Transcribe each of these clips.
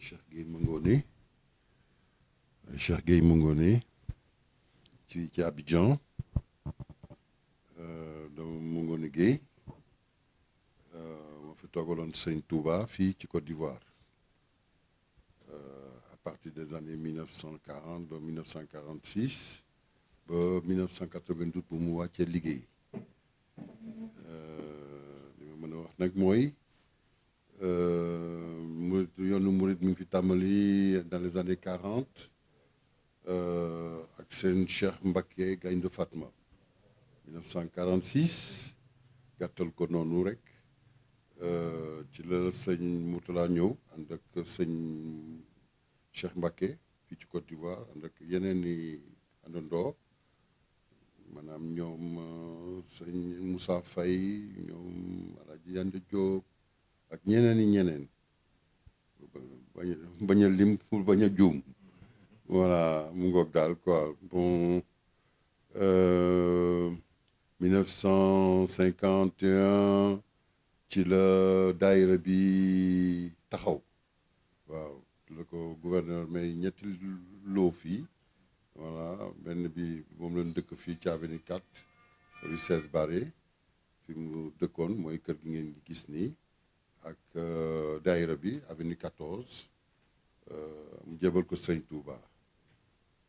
Cheikh Gueye Mangone euh, Cheikh Gueye Mangone ci ci Abidjan euh, dama Mangone Gueye moo fi toogaloon Sëñ fii ci Côte d'Ivoire euh, à partir des années 1940 ba 1946 ba 1992 bu mu wàccee liggéey ma mën a wax nag mooy murit yoonu murit mi ngi fi tàmbali dans les années quarante euh, ak seen Cheikh Mbacké Gaïndé Fatma 1946 gàttal ko noonu rek euh, ci la sëñ Moutala ñëw ànd ak sëñ Cheikh Mbacké fii ci Côte d'Ivoire ànd ak yeneen i àndandoo maanaam ñoom euh, sëñ Moussa Faye ñoom El Hadj Yande Diop ak ñeneen i ñeneen bañ bañ a lim pour bañ a juum voilà mu ngoog daal quoi bon euh, ci la daayira bi taxaw waaw la ko gouverneur may ñetti loo fii voilà benn bi moom lañ dëkk fii ci avenue 4 rue Cesse fi mu dëkkoon mooy kër gi ngeen gis nii ak euh, daayira bi avenue 14 Euh, mu jébal ko sëñ Touba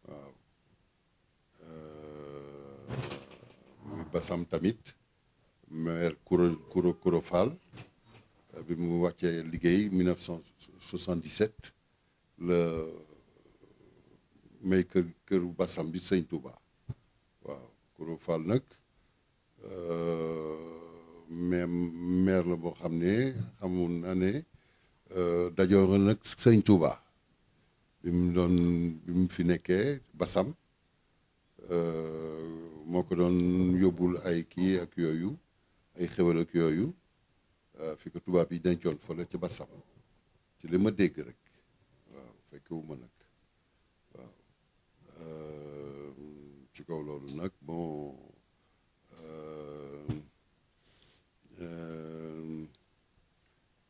waaw euh, basam tamit maire Kouro Kouro Kouro Fall euh, bi mu wàccee liggéey 1977 la may kër basam bi sëñ Touba waaw Kouro Fall nag même maire la boo xam ne xamoon na Euh, dajoo nag sëriñ Touba bi mu doon bi mu fi nekkee basam euh, moo ko doon yóbbul ay kii ak yooyu ay xewal ak yooyu euh, fi ko tubaab yi dencoon fële ci Bassam ci li ma dégg rek waaw fekkewu ma nag waaw ci kaw loolu nag bon.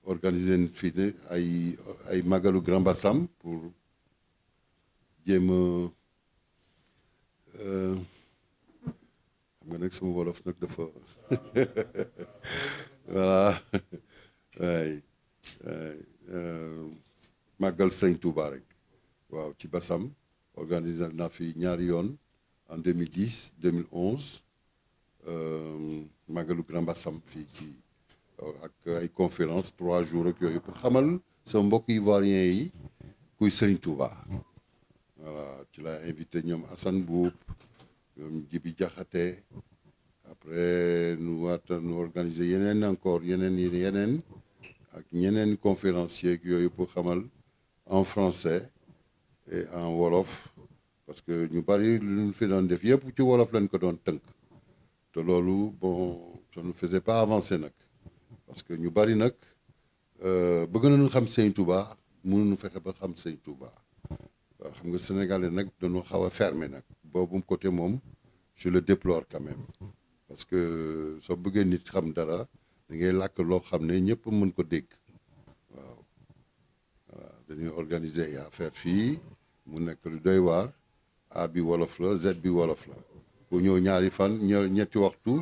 organiser nañ fii ne ay ay màggalu Grand Bassam pour jéem a euh, xam nga nag sama wolof nag dafa voilà ay ay euh, màggal Sëñ Touba rek waaw ci Bassam organiser na fi ñaari yoon en 2010 2011 màggalu Grand Bassam fii ci. ak ay conférence trois jours ak yooyu pour xamal sa mbokk ivoirien yi kuy Sëriñ Touba voilà ci la invité ñoom Assane Boub Jibi Jaxate après nu waata nu yeneen encore yeneen yeneen ak ñeneen conférencier ak yooyu pour xamal en français et en wolof parce que ñu bari luñ fi doon def yëpp ci wolof lañ ko doon tënk te loolu bon ça ne faisait pas avancer nag parce que ñu bari nag euh, bëgg na nañu xam Sëñ Touba nu fexe ba xam Sëñ Touba waaw xam nga sénégalais nag dañoo xaw a fermé nag boobu côté moom je le déplore quand même parce que euh, soo bëggee nit xam dara da ngay làkk loo xam ne ñëpp mën ko dégg waaw voilà dañuy organiser ay affaire fii mu nekk lu doy waar A bi wolof la Z bi wolof la ku ñëw ñaari fan ñëw ñetti waxtu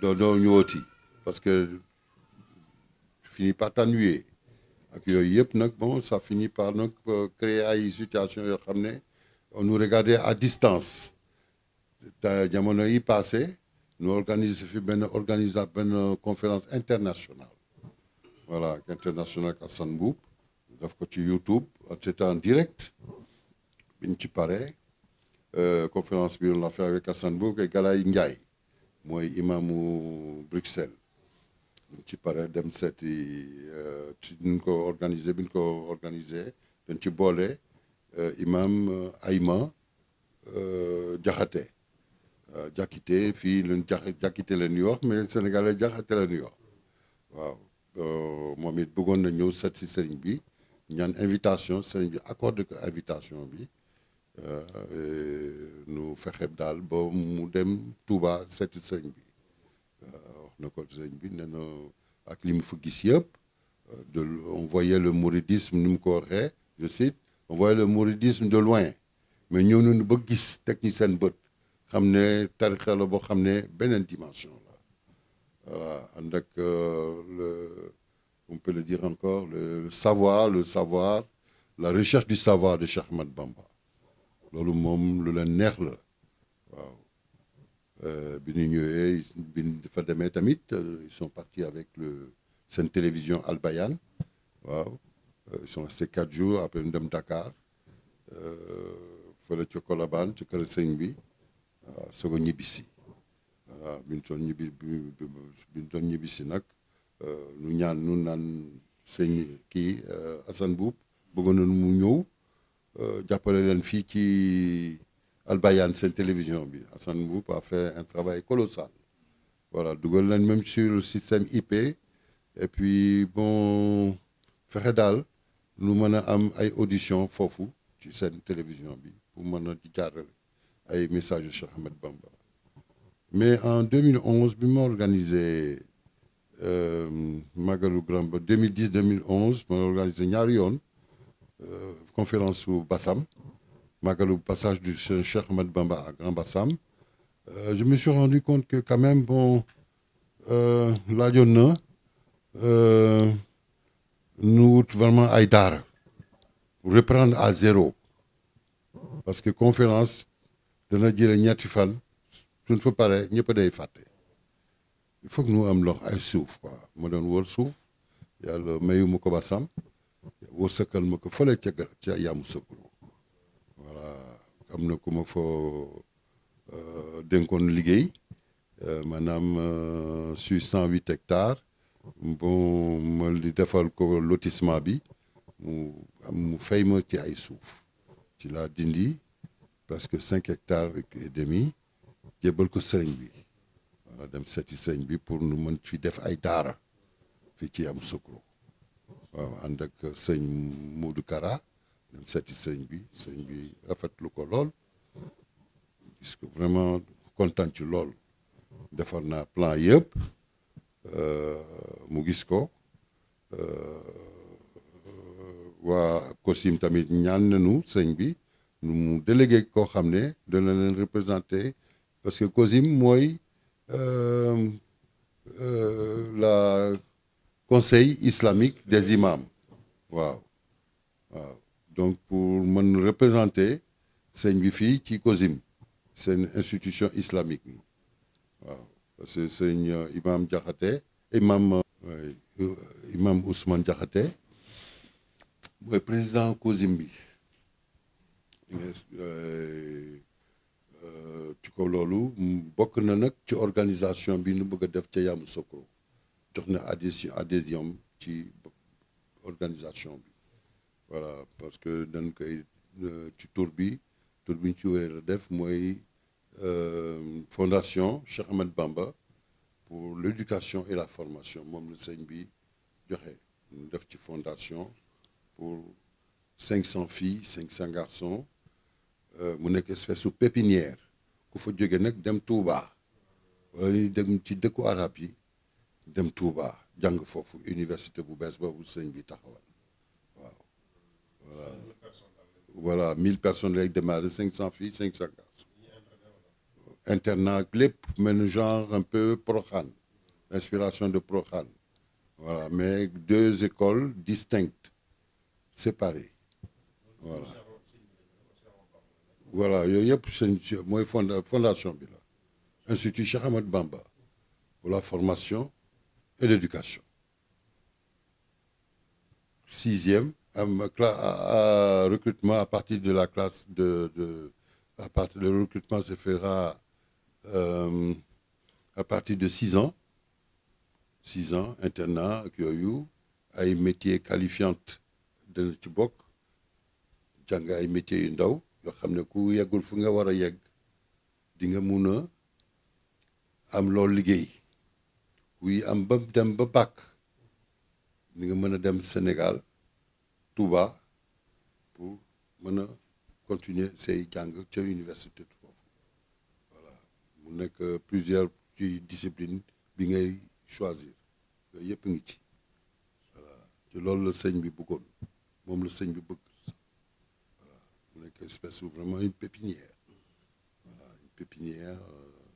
doo doo ñëwati parce que finit par t'ennuyer ak yooyu yëpp nag bon ça finit par nag euh, créer ay situation yoo xam ne on à distance te jamono yi passé nous organise benn organise benn conférence internationale voilà internationale ak Assane Mboup daf ko ci YouTube c'était en direct biñ ci pare euh, conférence bi on l'a fait avec Assane Mboup et Galaye Ndiaye mooy imaamu Bruxelles ci pare dem seti euh, ci ñu ko organisé bi ñu ko organisé dañ ci boole euh, imam euh, Ayma Jaxate jakite fii luñ jax Jaxate la ñuy wax mais sénégalais Jaxate la ñuy wax waaw moom it bëggoon na ñëw seet si sëriñ bi ñaan invitation sëriñ bi accordé ko invitation bi nu fexe daal ba mu dem Touba seeti sëriñ bi. na ko bi nee na ak li mu fa gis yëpp euh, de on voyait le mouridisme ni mu ko waxee je cite on voyait le mouridisme de loin mais ñëw nañu ba gis teg seen bët xam ne tarixa la boo xam ne beneen dimension la voilà ànd ak euh, le on peut le dire encore le savoir le savoir la recherche du savoir de Cheikh Bamba loolu moom lu la neex la Euh, bi ñu ñëwee bi ñu fa demee tamit euh, ils sont partis avec le seen télévision Al waaw euh, ils sont restés quatre jours après ñu dem Dakar fële ca Colobane ci kër sëñ bi waaw soog a ñibbi bi nag ñu ñaan ñu naan sëñ kii Assane Boub bëggoon nañu mu ñëw jàppale leen fii ci. Al Bayane seen télévision bi Assane Mboup a fait un travail colossal voilà dugal nañ même sur le système IP et puis bon fexe daal lu mën a am ay audition foofu ci seen télévision bi pour mën a di ay message yu Cheikh Ahmed Bamba mais en 2011 bi ma organisé euh, Magalu Grand Ba 2010 2011 ma organisé ñaari yoon euh, conférence su Bassam Magalou, passage du Cheikh Ahmed Bamba à Grand Bassam. Euh, je me suis rendu compte que quand même, bon, euh, laajoon na euh, nu vraiment ay daara reprendre à zéro parce que conférence dana jële ñetti fan suñ fa pare ñëpp day fàtte il faut que nu am lox ay suuf quoi ma doon wër suuf yàlla mayu ma ko basam wërsëgal ma ko fële ca ca yaamu sëkkul am na ku ma fa euh, dénkoon liggéey euh, maanaam euh, sur cent huit hectares bon ma li defal ko lotissement bi mu am mu fay ma ci ay suuf ci laa dindi parce que cinq hectare et demi jébbal ko sëriñ bi wala dem seeti sëriñ bi pour nu mën fi def ay daara fi ci am sukro waaw ànd ak sëñ Modou Kara dem seeti sëñ bi sëñ bi rafetlu ko lool puisque vraiment kontaan ci lool defar naa plan yëpp euh, mu gis ko euh, waa COSIM tamit ñaan nañu sëñ bi nu mu délégué koo xam ne dana leen représenté parce que COSIM mooy euh, la conseil islamique des imams waaw donc pour man représenter sëñ bi fii ci COSIM seen institution islamique bi waaw parce que sëñ euh, imam Diakhaté imam euh, euh, imam Ousmane président COSIM bi ci ko loolu bokk na nag ci organisation bi nu bëgg a def ca Yamoussoukro jox na adhésion adhésion ci organisation voilà parce que dañ koy euh, ci tur bi tur bi ñu ci wéer a def mooy euh, fondation Cheikh Ahmed Bamba pour l'éducation et la formation moom la sëñ bi joxe ñu def ci fondation pour cinq cent filles cinq cent garçons euh, mu nekk espèce su pépinière ku fa jóge nag dem Touba ba ñu dem ci dëkku arab dem dem ba jàng foofu université bu bees boobu sëñ bi taxawal voilà voilà mille personnes lay démarrer cinq cent filles cinq internat lépp mel genre un peu Proxaan inspiration de Proxaan voilà mais deux écoles distinctes séparées voilà voilà yooyu yëpp seen mooy fondation bi institut Cheikh Bamba pour la formation et l'éducation sixième am recrutement à partir de la classe de de à partir le recrutement se fera euh, à partir de six ans six ans internat ak yooyu ay métier qualifiante dana ci bokk jàng ay métiers yu ndaw yoo xam ne ku yeggul fu nga war a yegg dinga nga mun a am loo liggéey kuy am ba dem ba bàkk nga mën a dem Sénégal Touba pour mën a continuer sey jàng ca université foofu voilà mu nekk plusieurs ci discipline bi ngay choisir yooyu yëpp ngi ci voilà ci loolu la sëñ bi bëggoon moom la sëñ bi bëgg voilà mu nekk espèce vraiment une pépinière voilà une pépinière euh,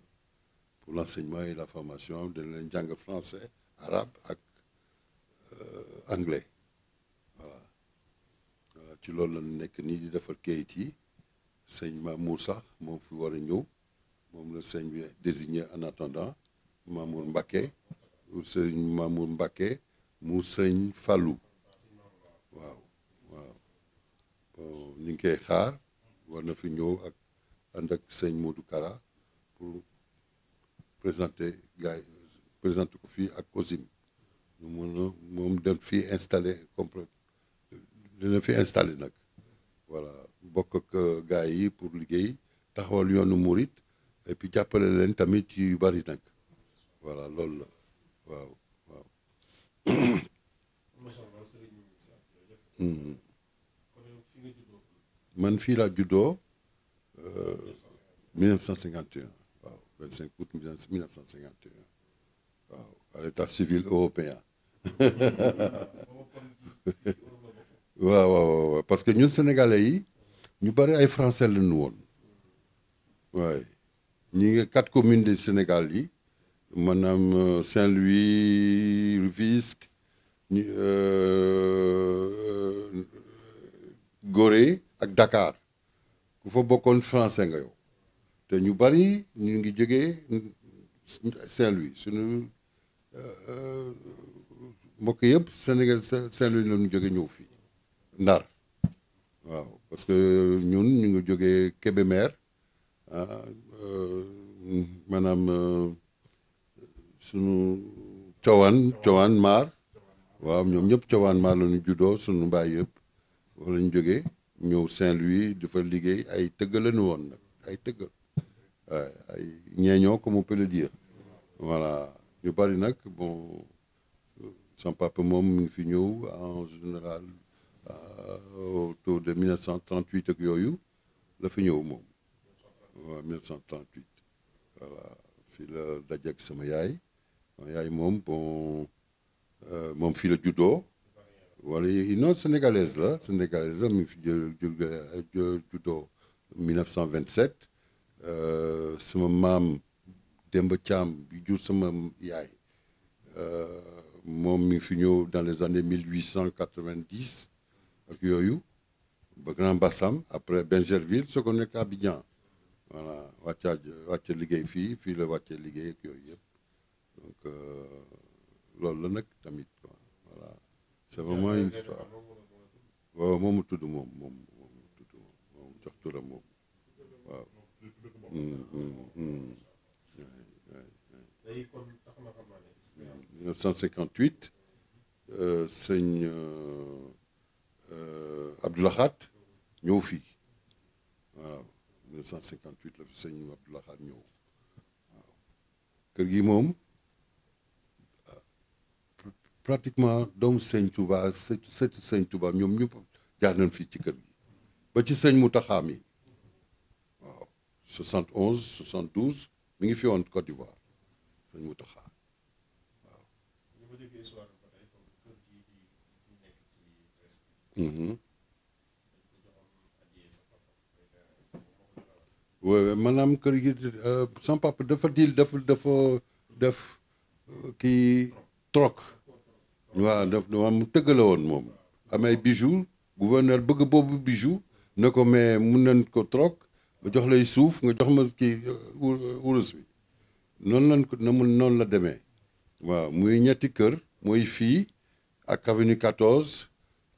pour l'enseignement et la formation dana leen jàng français arabe ak euh, anglais ci loolu la nekk nii di defar kayit yi sëñ Mamour sax moom fi war a ñëw moom la sëñ bi désigné en attendant Mamour Mbacké sëñ Mamour mu sëñ falu waaw waaw bon ngi koy xaar war na fi ñëw ak ànd ak sëñ Modou Kara pour présenter gars présenter ko fii ak COSIM ñu mën a moom dem fii installé complètement dina fi installé nag voilà bokk ak euh, gars yi pour liggéey taxawal yoonu murit et puis jàppale leen tamit ci yu bari nag voilà loolu la waaw waaw. Mm-hmm. man fii laa juddoo 1951 euh, waaw 25 août 1951 waaw à l'état civil européen. waaw waaw waaw parce que ñun sénégalais yi ñu bari ay français la ñu woon waaye ñi ngi quatre communes de Sénégal yi maanaam euh, Saint-Louis Rufisque ñu euh, Gorée ak Dakar ku fa bokkoon français nga yow te ñu bari ñu ngi jóge Saint-Louis suñu euh, mbokk yëpp Sénégal Saint-Louis la ñu jóge ñëw fii ndar waaw parce que ñun ñu ngi jóge Kébémer ah euh, maanaam euh, sunu cowaan cowaan maar waaw ñoom ñëpp cowaan maar la ñu juddoo sunu mbaay yëpp foofu la ñu jógee ñëw Saint-Louis dafa liggéey ay tëgg woon nag ay tëgg ay ñeeñoo comme on peut le dire voilà ñu bari nag bon euh, sama papa moom mi fi ñëw en général. Euh, autour de 1938 ak yooyu la fi ñëw moom waaw 1938 voilà la dajeeg sama yaay sama yaay moom bon euh, moom fii la juddoo wala non sénégalaise la sénégalaise la mi fi juddoo 1927 euh, sama maam Demba Thiam bi jur sama yaay moom mi fi ñëw dans les années 1890 ak yooyu ba Grand Bassam après Bengerville soo ko nekk Abidjan voilà wàcca wàcca liggéey fii fii la wàcce liggéey ak yooyu yëpp donc euh, loolu la nag tamit quoi c'est vraiment une histoire moom mu tudd moom moom moom moom moom jox turam waaw mm-hmm, mm-hmm. Euh, Abdou Lahad ñëw fii voilà 1958 la fi sëñ Abdou Lahad waaw kër gi moom euh, pratiquement doomu sëñ Touba sëtu sëtu sëñ Touba ñoom ñëpp jaar fii ci kër gi ba ci sëñ Mountakha mi waaw mu ngi fi woon Côte d'Ivoire sëñ Mountakha Mhm. maanaam kër gi euh, sama dafa diil dafa dafa def euh, kii troc waa daf am tëgg la woon moom am ay bijoux bëgg boobu bijoux ne ko mais mun nañ ko troc nga jox lay suuf nga jox ma kii wurus euh, bi noonu lañ ko na mun noonu la demee waaw muy ñetti kër muy fii ak avenue 14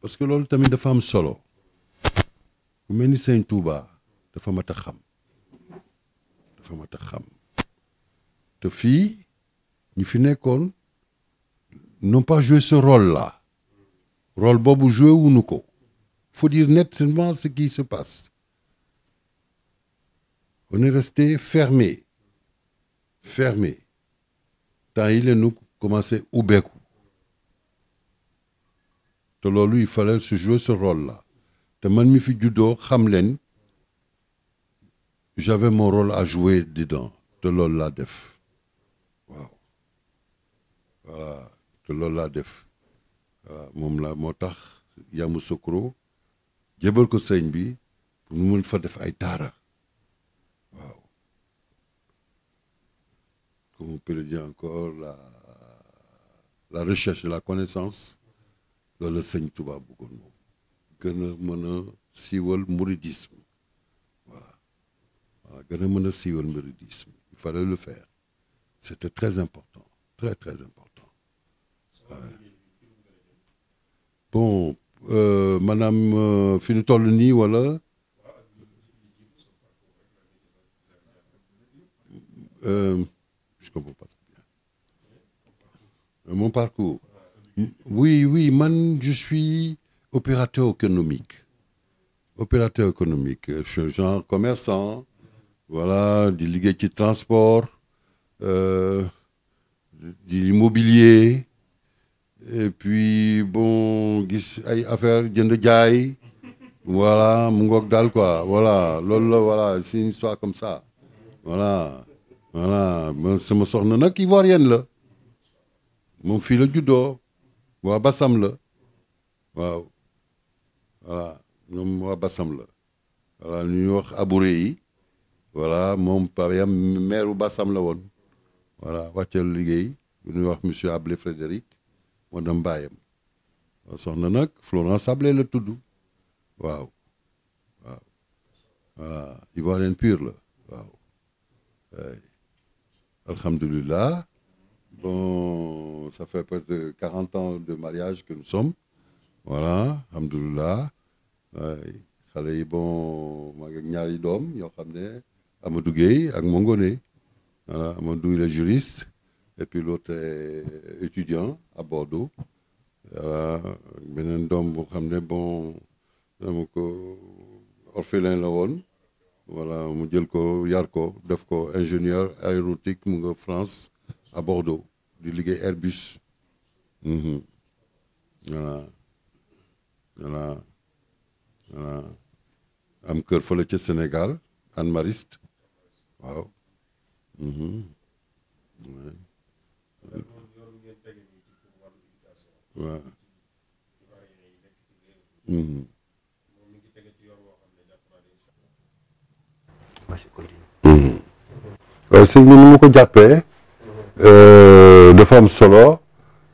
parce que loolu tamit dafa am solo ku mel ni sëñ Touba dafa mat a xam dafa mat a xam te fii ñi fi nekkoon n'ont pas joué ce rôle là rôle boobu joué wuñu ko faut dire nettement ce qui se passe on est resté fermé fermé temps yi leenu commencé ubbeeku te loolu il fallait se jouer ce rôle-là te man mi fi juddoo xam leen j'avais mon rôle à jouer dedans te loolu laa def waaw voilà te loolu laa def voilà moom la moo tax Yamoussoukro jébal ko sëñ bi pour mu mën fa def ay taara waaw comme on peut le dire encore la la recherche de la connaissance loolu la sëñ tubaab bëggoon moom gën a siiwal mouridisme voilà voilà gën a mën a siiwal mouridisme il fallait le faire c'était très important très très important ouais. bon euh, maanaam euh, fi ñu toll nii wala euh, comprends pas très bien mon parcours oui oui man je suis opérateur économique opérateur économique euh, je genre commerçant voilà di liggéey ci transport euh, di immobilier et puis bon gis ay affaire jënd jaay voilà mu ngoog daal voilà loolu la voilà c'est une histoire comme ça voilà voilà sama soxna nag ivoirienne la moom fii la juddoo waa Bassam la waaw voilà ñoom waa Bassam la voilà ñuy wax abouré yi voilà moom par exemple maire bu Bassam la woon voilà wàcceel liggéey bu ñuy wax monsieur Ablé Frédéric moo dem bàyyam soxna Florence Ablé la tudd waaw waaw voilà ivoirien pur la waaw alhamdulilah Bon, ça fait près de 40 ans de mariage que nous sommes. Voilà, alhamdoulilah. xale yi bon maa ngi ñaari doom yoo xam ne Amadou Gueye ak Mongone voilà Amadou il est juriste et à Bordeaux voilà beneen doom boo xam ne bon dama orphelin la woon voilà mu jël ko yar ko def ko ingénieur aéronautique mu nga France a Bordeaux di liggéey Airbus. Mhm. voilà voilà voilà am kër fële ca Sénégal Anne Mariste waaw. waaw. waaw sëñ bi ni mu ko jàppee. Euh, dafa am solo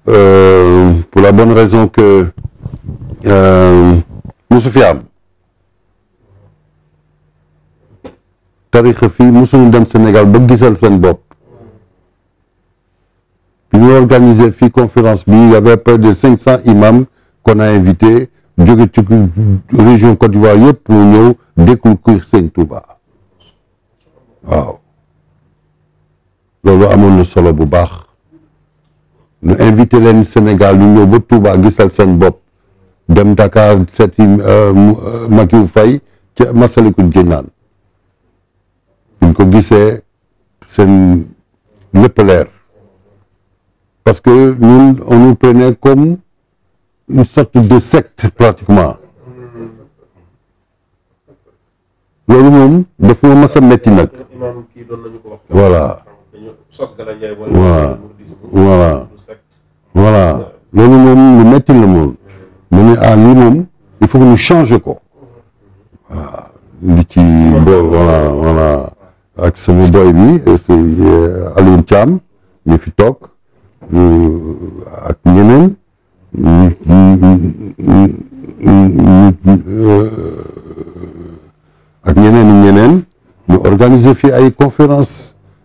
euh, pour la bonne raison que musu fi am tarixa fii musuñu dem Sénégal ba gisal seen bopp bi ñu organisé fii conférence bi y avait près de cinq cent imams qu'on a invité jóge ci région Côte d'Ivoire yëpp pour ñëw découvrir Sëñ Touba waaw loolu amoon na solo bu baax ñu invité leen Sénégal ñu ñëw ba Touba gisal seen bopp dem Dakar seeti euh, euh, Makiou fay ca ku Jinaan buñ ko gisee seen lépp leer parce que ñun on nous prenait comme une sorte de secte pratiquement loolu moom daf ma mas a metti nag voilà waaw voilà voilà loolu moom lu métti la moom mu ne ah lii moom il faut que ñu change ko voilà li ci bo voilà voilà ak sama bi si euh, Alioune Thiam ñu fi toog ak ñeneen ñu euh, ñeneen ñeneen ñu organiser fii ay conférence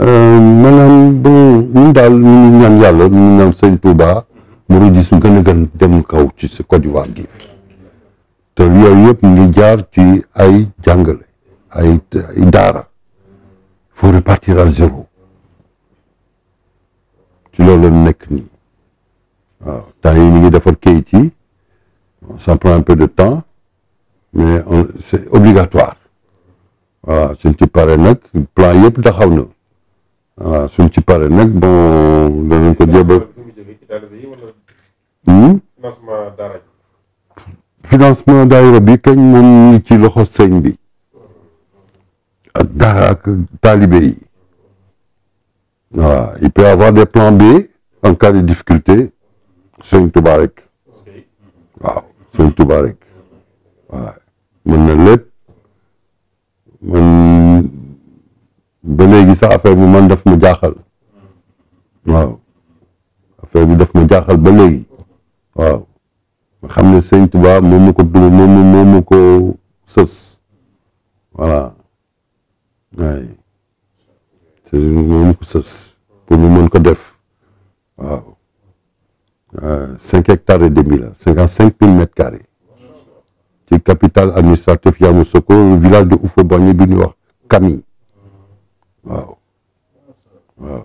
Euh, maanaam bu ñun daal ñu ngi ñaan yàlla ñu ngi ñaan sëñ Touba mu rëdd su gën a dem kaw ci sa Côte d'Ivoire gi te yooyu yëpp ngi jaar ci ay jàngale ay ay daara il faut repartir à zéro ci loolu nekk nii waaw yi ñu ngi defar kayit yi ça prend un peu de temps mais c'est obligatoire. voilà suñ ci pare nag plan yëpp taxaw na waaw suñ ci pare nag bon danañ ko jébal financement daayira hmm? bi kañ moom ñu ci loxo sëñ bi ak daara ak taalibe yi avoir des plans B en cas de difficulté sëñ Tuubaa rek waaw sëñ na lépp man ba léegi sax affaire mu man daf ma jaaxal waaw affaire bi daf ma jaaxal ba léegi waaw nga xam ne sëñ Tuubaa moom mu ko dugg moom mu ko sës voilà waay sëñ moom mu ko sës pour mu mën ko def waaw cinq hectares et demi la cinquante cinq mille mètres carrés capital administratif Yamoussoukro village de Oufourbagni bi ñuy wax Kami waaw waaw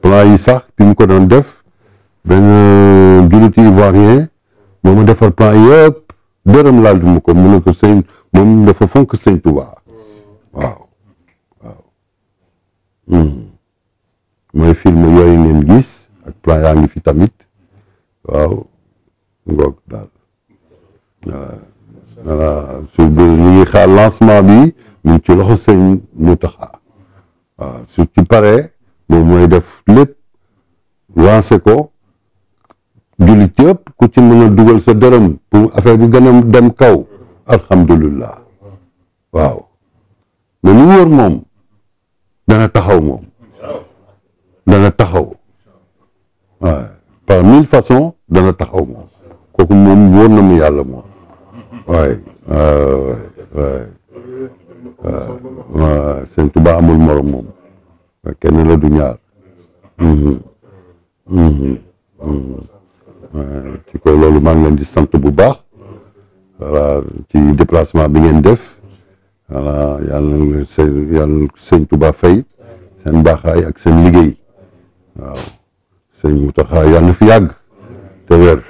plan yi sax bi mu ko doon def benn julliti ivoirien moo ma defar plan yëpp dërëm laal mu ko mu ne ko sëñ moom dafa fonk sëñ Tuubaa waaw waaw hmm. mooy film yooyu ngeen gis plan yaa ngi fi tamit waaw ngoog daal su bi ñu ngi xaar lancement bi ñu ci loxo sëñ mu taxa waaw su ci paree moom mooy def lépp lancé ko jullit yëpp ku ci mu a dugal sa dërëm pour affaire bi gën a dem kaw alhamdulillah waaw mais lu wóor moom dana taxaw moom dana taxaw par mille façons dana taxaw moom kooku moom wóor na mu yàlla moom waaye waaye waaw sëñ Tuba amul morom moom kenn la du ñaar mhm. Mhm. Mhm. ci ko loolu maa ngi di sant bu baax voilà ci déplacement bi ngeen def voilà yàlla na seen yàlla Tuba fay seen baaxaay ak seen liggéey sëñ Mountakha yàlla na fi yàgg te wér